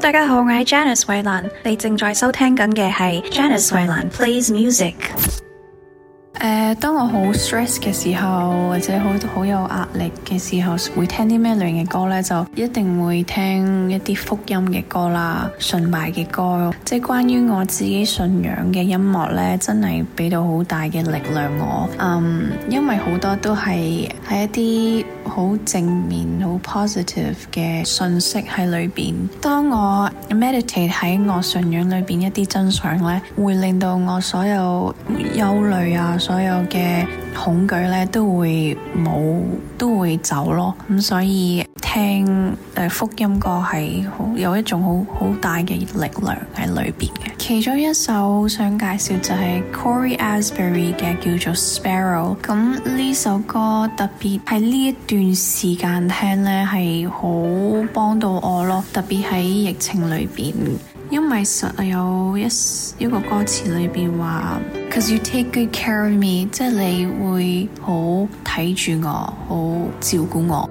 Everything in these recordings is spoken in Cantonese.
大家好，我係 Janice 慧蘭，你正在收聽緊嘅係 Janice 慧蘭 plays music。誒，當我好 stress 嘅時候，或者好好有壓力嘅時候，會聽啲咩類型嘅歌呢？就一定會聽一啲福音嘅歌啦，崇拜嘅歌，即係關於我自己信仰嘅音樂呢，真係俾到好大嘅力量我。嗯、um,，因為好多都係喺一啲。好正面、好 positive 嘅信息喺裏邊。當我 meditate 喺我信仰裏邊一啲真相咧，會令到我所有憂慮啊、所有嘅恐懼咧都會冇，都會走咯。咁所以。聽誒福、呃、音歌係好有一種好好大嘅力量喺裏邊嘅。其中一首想介紹就係 Corey Asbury 嘅叫做 Sparrow。咁呢首歌特別喺呢一段時間聽咧係好幫到我咯。特別喺疫情裏邊，因為實有一一、一個歌詞裏邊話，Cause you take good care of me，即係你會好睇住我，好照顧我。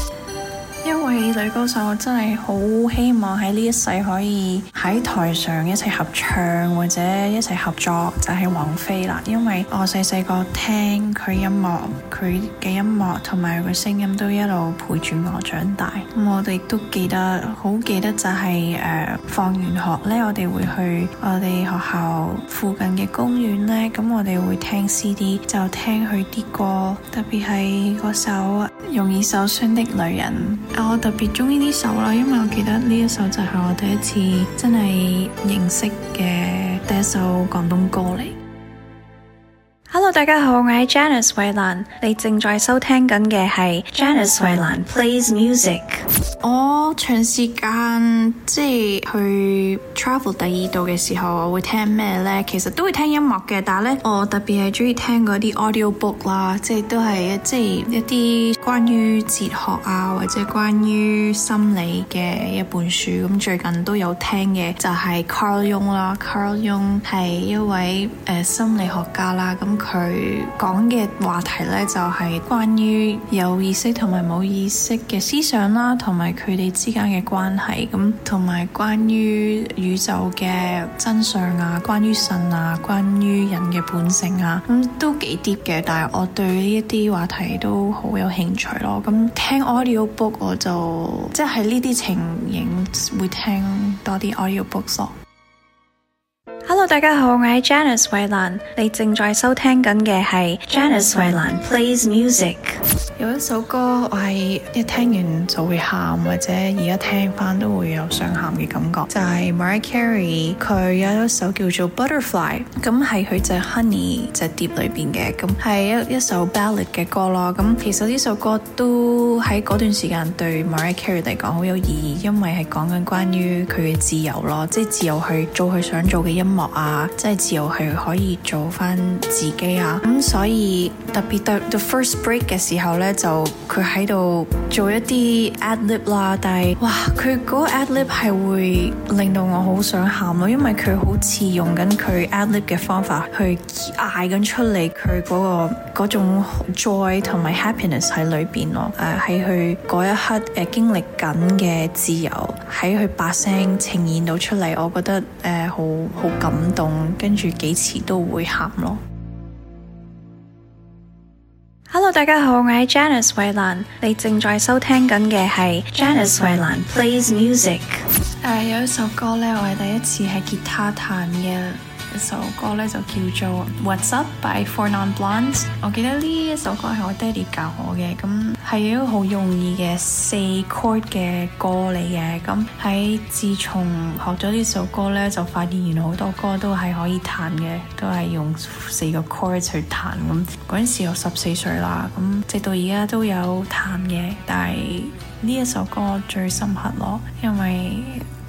女歌手，我真係好希望喺呢一世可以喺台上一齊合唱或者一齊合作，就係、是、王菲啦。因為我細細個聽佢音樂，佢嘅音樂同埋佢聲音都一路陪住我長大。咁我哋都記得，好記得就係、是、誒、呃，放完學咧，我哋會去我哋學校附近嘅公園咧。咁我哋會聽 CD，就聽佢啲歌，特別係嗰首容易受傷的女人。我特別特別中意呢首啦，因為我記得呢一首就係我第一次真係認識嘅第一首廣東歌嚟。Hello，大家好，我係 Janice 衛蘭，你正在收聽緊嘅係 Janice 衛蘭 plays music。我長時間即係去 travel 第二度嘅時候，我會聽咩呢？其實都會聽音樂嘅，但係呢，我特別係中意聽嗰啲 audiobook 啦，即係都係一即啲關於哲學啊或者關於心理嘅一本書。咁、嗯、最近都有聽嘅就係、是、Carl Jung 啦，Carl Jung 係一位、uh, 心理學家啦，嗯佢講嘅話題呢，就係關於有意識同埋冇意識嘅思想啦，同埋佢哋之間嘅關係咁，同埋關於宇宙嘅真相啊，關於神啊，關於人嘅本性啊，咁、嗯、都幾 deep 嘅。但係我對呢一啲話題都好有興趣咯。咁、嗯、聽 audiobook 我就即係呢啲情形會聽多啲 audiobook 咯。Hello, 大家好，我係 Janice 衛蘭，你正在收聽緊嘅係 Janice 衛蘭 plays music。有一首歌我係一聽完就會喊，或者而家聽返都會有想喊嘅感覺，就係 Mariah Carey 佢有一首叫做 Butterfly，咁係佢隻 Honey 隻碟裏面嘅，咁係一首 Ballad 嘅歌咯。咁其實呢首歌都喺嗰段時間對 Mariah Carey 嚟講好有意義，因為係講緊關於佢嘅自由咯，即自由去做佢想做嘅音樂。啊，即係自由係可以做翻自己啊！咁、嗯、所以特別 the the first break 嘅時候咧，就佢喺度做一啲 ad lib 啦，但係哇，佢個 ad lib 係會令到我好想喊咯，因為佢好似用緊佢 ad lib 嘅方法去嗌緊出嚟佢、嗰個種 joy 同埋 happiness 喺裏邊咯、啊，誒喺佢嗰一刻誒經歷緊嘅自由喺佢把聲呈現到出嚟，我覺得誒、呃、好好感。感動，跟住幾次都會喊咯。Hello，大家好，我係 Janice 衛蘭，你正在收聽緊嘅係 Janice 衛蘭 Plays Music。誒 ，uh, 有一首歌咧，我係第一次喺吉他彈嘅。一首歌咧就叫做 What's Up by Four Non Blondes，我記得呢一首歌係我爹哋教我嘅，咁係一個好容易嘅四 chord 嘅歌嚟嘅，咁喺自從學咗呢首歌咧，就發現原來好多歌都係可以彈嘅，都係用四個 chord 去彈咁。嗰陣時我十四歲啦，咁直到而家都有彈嘅，但係呢一首歌最深刻咯，因為。